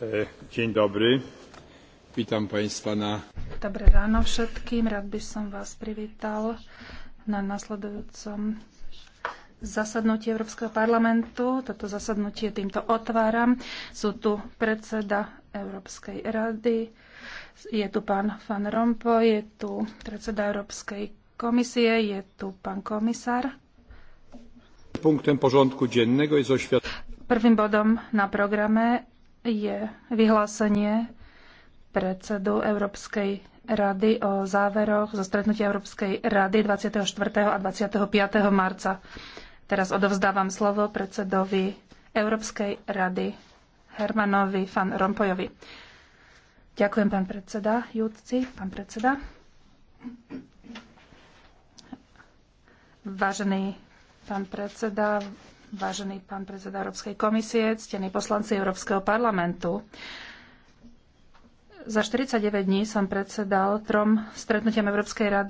E, dzień dobry. Witam Państwa na... Dobré ráno všetkým. Rád by som vás privítal na nasledujúcom zasadnutí Európskeho parlamentu. Toto zasadnutie týmto otváram. Sú tu predseda Európskej rady, je tu pán Van Rompuy, je tu predseda Európskej komisie, je tu pán komisár Prvým bodom na programe je vyhlásenie predsedu Európskej rady o záveroch zo stretnutia Európskej rady 24. a 25. marca. Teraz odovzdávam slovo predsedovi Európskej rady Hermanovi van Rompojovi. Ďakujem, pán predseda. Júdci, pán predseda. Vážený Pán predseda, vážený pán predseda Európskej komisie, ctení poslanci Európskeho parlamentu. Za 49 dní som predsedal trom stretnutiam Európskej rady